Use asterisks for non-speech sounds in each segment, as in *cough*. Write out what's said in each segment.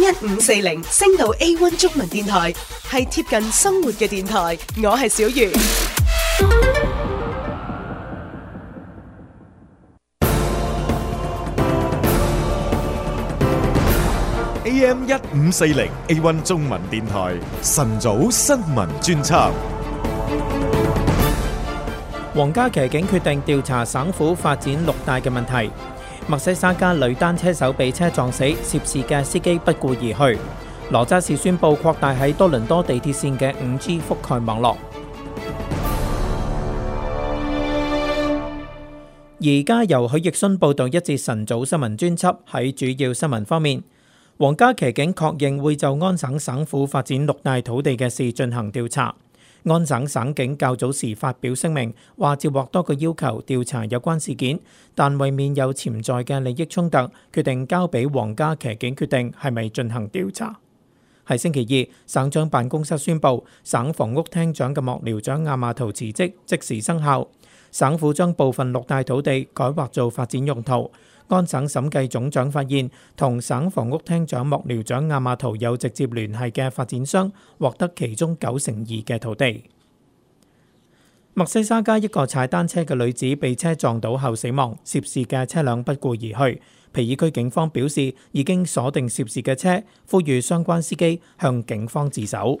一五四零星島 A1 中文電台係貼近生活嘅電台，我係小瑜。AM 一五四零 A1 中文電台晨早新聞專輯，黃家琪警決定調查省府發展六大嘅問題。密西沙加女單車手被車撞死，涉事嘅司機不顧而去。羅渣士宣布擴大喺多倫多地鐵線嘅五 G 覆蓋網絡。 *music* 而家由許奕迅報道一節晨早新聞專輯。喺主要新聞方面，皇家騎警確認會就安省省府發展六大土地嘅事進行調查。安省省警較早時發表聲明，話接獲多個要求調查有關事件，但為免有潛在嘅利益衝突，決定交俾皇家騎警決定係咪進行調查。喺星期二，省長辦公室宣布，省房屋廳長嘅幕僚長亞馬圖辭職，即時生效。省府將部分綠帶土地改劃做發展用途。安省審計總長發現，同省房屋廳長幕僚長亞馬圖有直接聯繫嘅發展商，獲得其中九成二嘅土地。密西沙加一個踩單車嘅女子被車撞倒後死亡，涉事嘅車輛不顧而去。皮爾區警方表示，已經鎖定涉事嘅車，呼籲相關司機向警方自首。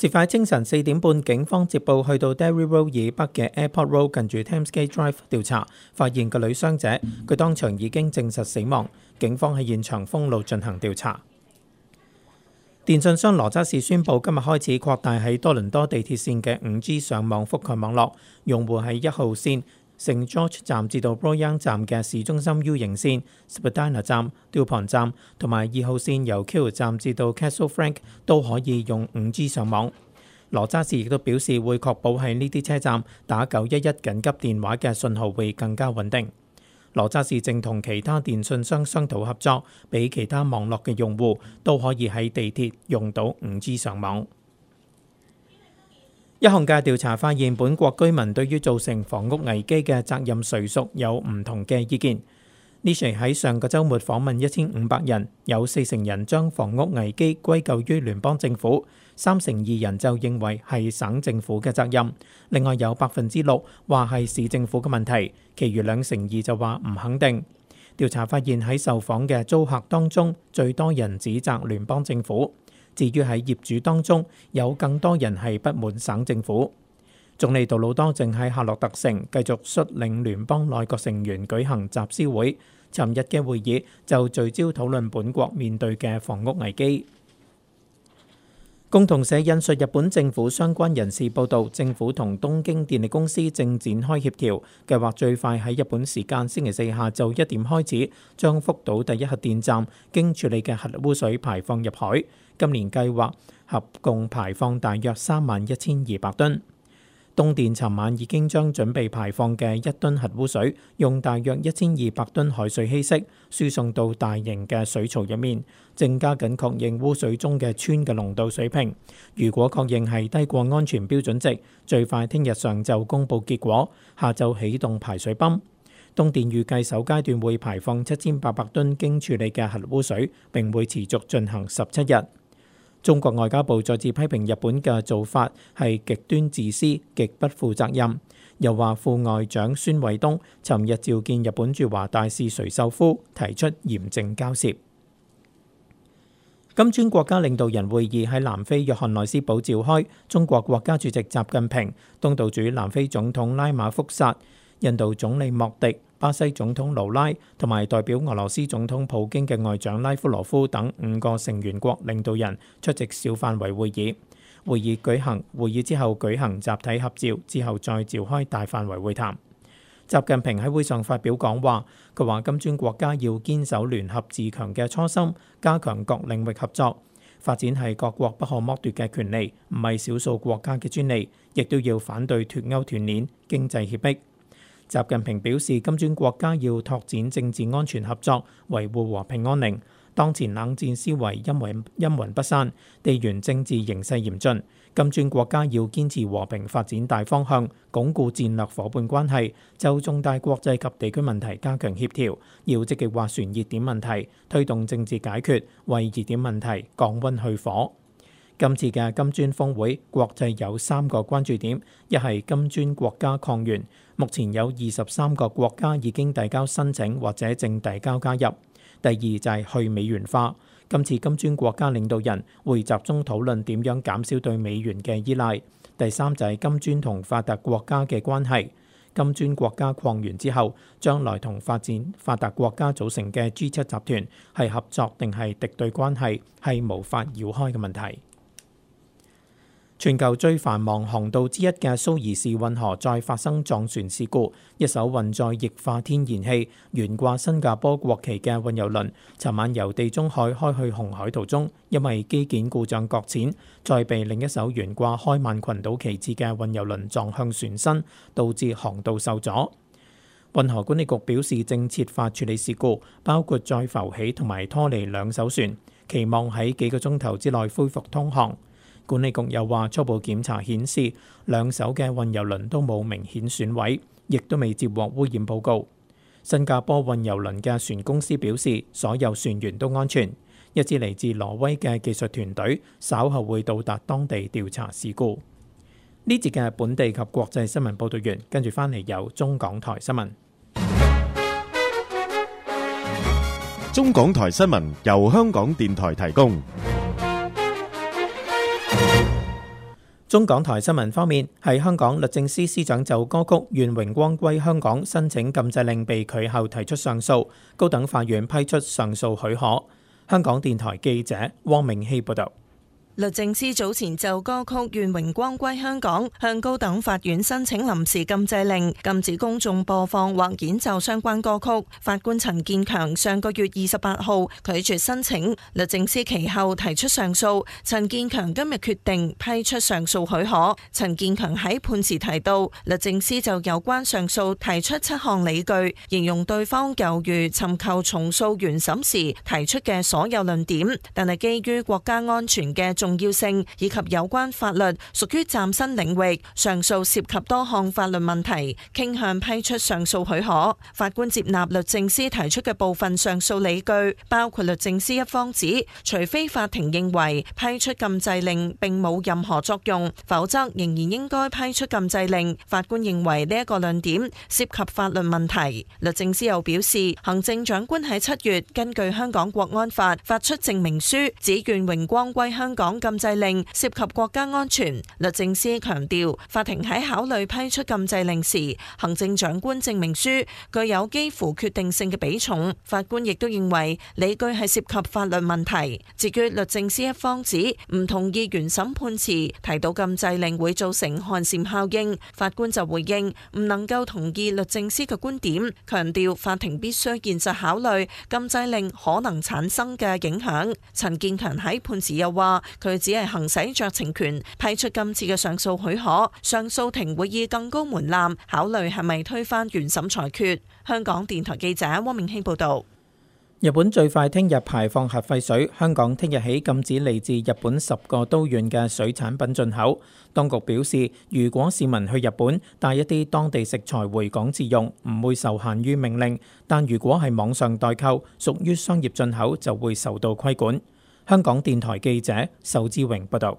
事發清晨四點半，警方接報去到 Derry Road 以北嘅 Airport Road，近住 Timesgate Drive 調查，發現個女傷者，佢當場已經證實死亡。警方喺現場封路進行調查。電信商羅渣士宣布今日開始擴大喺多倫多地鐵線嘅 5G 上網覆蓋網絡，用戶喺一號線。乘 George 站至到 Bryan 站嘅市中心 U 型線、Spadina 站、Dupont 站同埋二號線由 Keele 站至到 Castle Frank 都可以用 5G 上網。羅渣士亦都表示會確保喺呢啲車站打911緊急電話嘅信號會更加穩定。羅渣士正同其他電信商商討合作，俾其他網絡嘅用戶都可以喺地鐵用到 5G 上網。一項嘅調查發現，本國居民對於造成房屋危機嘅責任誰屬有唔同嘅意見。Nishie 喺上個周末訪問一千五百人，有四成人將房屋危機歸咎於聯邦政府，三成二人就認為係省政府嘅責任，另外有百分之六話係市政府嘅問題，其餘兩成二就話唔肯定。調查發現喺受訪嘅租客當中，最多人指責聯邦政府。至於喺業主當中，有更多人係不滿省政府。總理杜魯多正喺夏洛特城繼續率領聯邦內閣成員舉行集思會。尋日嘅會議就聚焦討論本國面對嘅房屋危機。共同社引述日本政府相關人士報道，政府同東京電力公司正展開協調，計劃最快喺日本時間星期四下晝一點開始，將福島第一核電站經處理嘅核污水排放入海。今年計劃合共排放大約三萬一千二百噸。東電尋晚已經將準備排放嘅一噸核污水用大約一千二百噸海水稀釋，輸送到大型嘅水槽入面，正加緊確認污水中嘅氚嘅濃度水平。如果確認係低過安全標準值，最快聽日上晝公佈結果，下晝起動排水泵。東電預計首階段會排放七千八百噸經處理嘅核污水，並會持續進行十七日。中國外交部再次批評日本嘅做法係極端自私、極不負責任，又話副外長孫衛東尋日召見日本駐華大使垂秀夫，提出嚴正交涉。金磚國家領導人會議喺南非約翰內斯堡召開，中國國家主席習近平，東道主南非總統拉馬福薩，印度總理莫迪，巴西總統盧拉同埋代表俄羅斯總統普京嘅外長拉夫羅夫等五個成員國領導人出席小範圍會議。會議舉行，會議之後舉行集體合照，之後再召開大範圍會談。習近平喺會上發表講話，佢話金磚國家要堅守聯合自強嘅初心，加強各領域合作。發展係各國不可剝奪嘅權利，唔係少數國家嘅專利，亦都要反對脱歐斷鏈、經濟脅迫。習近平表示，金磚國家要拓展政治安全合作，維護和平安寧。當前冷戰思維陰魂陰魂不散，地緣政治形勢嚴峻。金磚國家要堅持和平發展大方向，鞏固戰略夥伴關係，就重大國際及地區問題加強協調，要積極斡旋熱點問題，推動政治解決，為熱點問題降温去火。今次嘅金磚峰會國際有三個關注點，一係金磚國家擴員，目前有二十三個國家已經遞交申請或者正遞交加入；第二就係去美元化，今次金磚國家領導人會集中討論點樣減少對美元嘅依賴，第三就係金磚同發達國家嘅關係，金磚國家擴員之後將來同發展發達國家組成嘅 G 七集團係合作定係敵對關係，係無法繞開嘅問題。全球最繁忙航道之一嘅蘇伊士運河再發生撞船事故，一艘運載液化天然氣、懸掛新加坡國旗嘅運油輪，尋晚由地中海開去紅海途中，因為機件故障擱淺，再被另一艘懸掛開曼群島旗幟嘅運油輪撞向船身，導致航道受阻。運河管理局表示，正設法處理事故，包括再浮起同埋拖離兩艘船，期望喺幾個鐘頭之內恢復通航。管理局又話，初步檢查顯示，兩艘嘅運油輪都冇明顯損毀，亦都未接獲污染報告。新加坡運油輪嘅船公司表示，所有船員都安全。一支嚟自挪威嘅技術團隊稍後會到達當地調查事故。呢節嘅本地及國際新聞報道完，跟住翻嚟有中港台新聞。中港台新聞由香港電台提供。中港台新聞方面，喺香港律政司司長就歌曲《願榮光歸香港》申請禁制令被拒後提出上訴，高等法院批出上訴許可。香港電台記者汪明熙報導。律政司早前就歌曲《願榮光歸香港》向高等法院申請臨時禁制令，禁止公眾播放或演奏相關歌曲。法官陳建強上個月二十八號拒絕申請，律政司其後提出上訴。陳建強今日決定批出上訴許可。陳建強喺判詞提到，律政司就有關上訴提出七項理據，形容對方猶豫尋求重訴原審時提出嘅所有論點，但係基於國家安全嘅重重要性以及有關法律屬於嶄新領域，上訴涉及多項法律問題，傾向批出上訴許可。法官接納律政司提出嘅部分上訴理據，包括律政司一方指，除非法庭認為批出禁制令並冇任何作用，否則仍然應該批出禁制令。法官認為呢一個論點涉及法律問題。律政司又表示，行政長官喺七月根據香港國安法發出證明書，指願榮光歸香港。禁制令涉及國家安全，律政司強調法庭喺考慮批出禁制令時，行政長官證明書具有幾乎決定性嘅比重。法官亦都認為理據係涉及法律問題。至於律政司一方指唔同意原審判詞提到禁制令會造成寒蟬效應，法官就回應唔能夠同意律政司嘅觀點，強調法庭必須現實考慮禁制令可能產生嘅影響。陳建強喺判詞又話，佢只係行使酌情權，批出今次嘅上訴許可。上訴庭會以更高門檻考慮係咪推翻原審裁決。香港電台記者汪明興報導。日本最快聽日排放核廢水，香港聽日起禁止嚟自日本十個都縣嘅水產品進口。當局表示，如果市民去日本帶一啲當地食材回港自用，唔會受限於命令；但如果係網上代購，屬於商業進口，就會受到規管。香港電台記者仇志榮報道。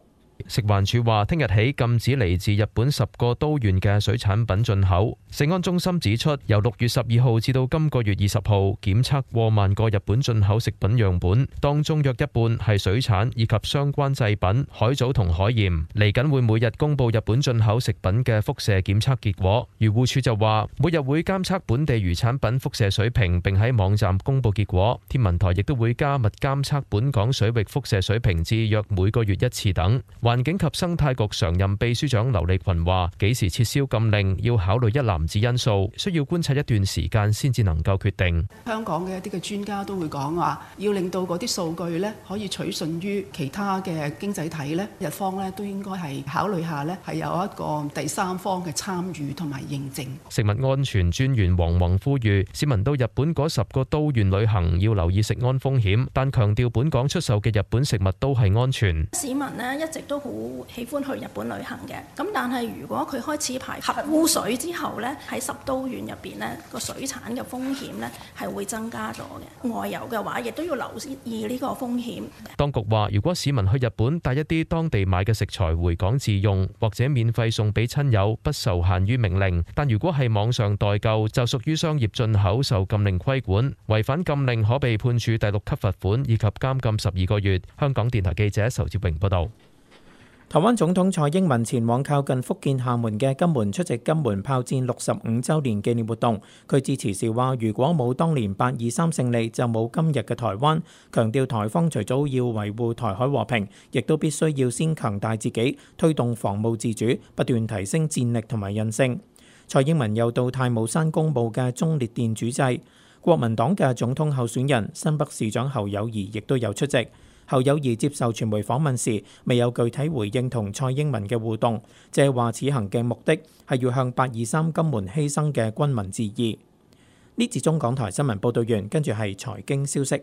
食環署話聽日起禁止嚟自日本十個都縣嘅水產品進口。食安中心指出，由六月十二號至到今個月二十號，檢測過萬個日本進口食品樣本，當中約一半係水產以及相關製品、海藻同海鹽。嚟緊會每日公布日本進口食品嘅輻射檢測結果。漁護署就話，每日會監測本地魚產品輻射水平，並喺網站公布結果。天文台亦都會加密監測本港水域輻射水平，至約每個月一次等。環境及生態局常任秘書長劉利群話：幾時撤銷禁令要考慮一籃子因素，需要觀察一段時間先至能夠決定。香港嘅一啲嘅專家都會講話，要令到嗰啲數據咧可以取信於其他嘅經濟體咧，日方咧都應該係考慮下咧，係有一個第三方嘅參與同埋認證。食物安全專員黃宏呼籲市民到日本嗰十個都縣旅行要留意食安風險，但強調本港出售嘅日本食物都係安全。市民咧一直都。好喜歡去日本旅行嘅咁，但係如果佢開始排核污水之後咧，喺十都縣入邊咧個水產嘅風險咧係會增加咗嘅。外遊嘅話，亦都要留意呢個風險。當局話，如果市民去日本帶一啲當地買嘅食材回港自用或者免費送俾親友，不受限於命令。但如果係網上代購，就屬於商業進口，受禁令規管，違反禁令可被判處第六級罰款以及監禁十二個月。香港電台記者仇志榮報導。台灣總統蔡英文前往靠近福建廈門嘅金門出席金門炮戰六十五週年紀念活動，佢致詞時話：如果冇當年八二三勝利，就冇今日嘅台灣。強調台方除咗要維護台海和平，亦都必須要先強大自己，推動防務自主，不斷提升戰力同埋韌性。蔡英文又到太武山公墓嘅忠烈祠主祭，國民黨嘅總統候選人新北市長侯友宜亦都有出席。侯友宜接受傳媒訪問時，未有具體回應同蔡英文嘅互動，借話此行嘅目的係要向八二三金門犧牲嘅軍民致意。呢次中港台新聞報道完，跟住係財經消息。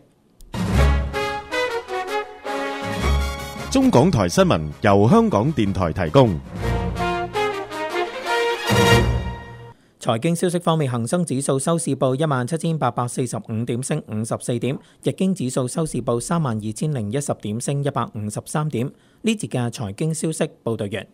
中港台新聞由香港電台提供。財經消息方面，恒生指數收市報一萬七千八百四十五點，升五十四點；日經指數收市報三萬二千零一十點，升一百五十三點。呢節嘅財經消息報道完。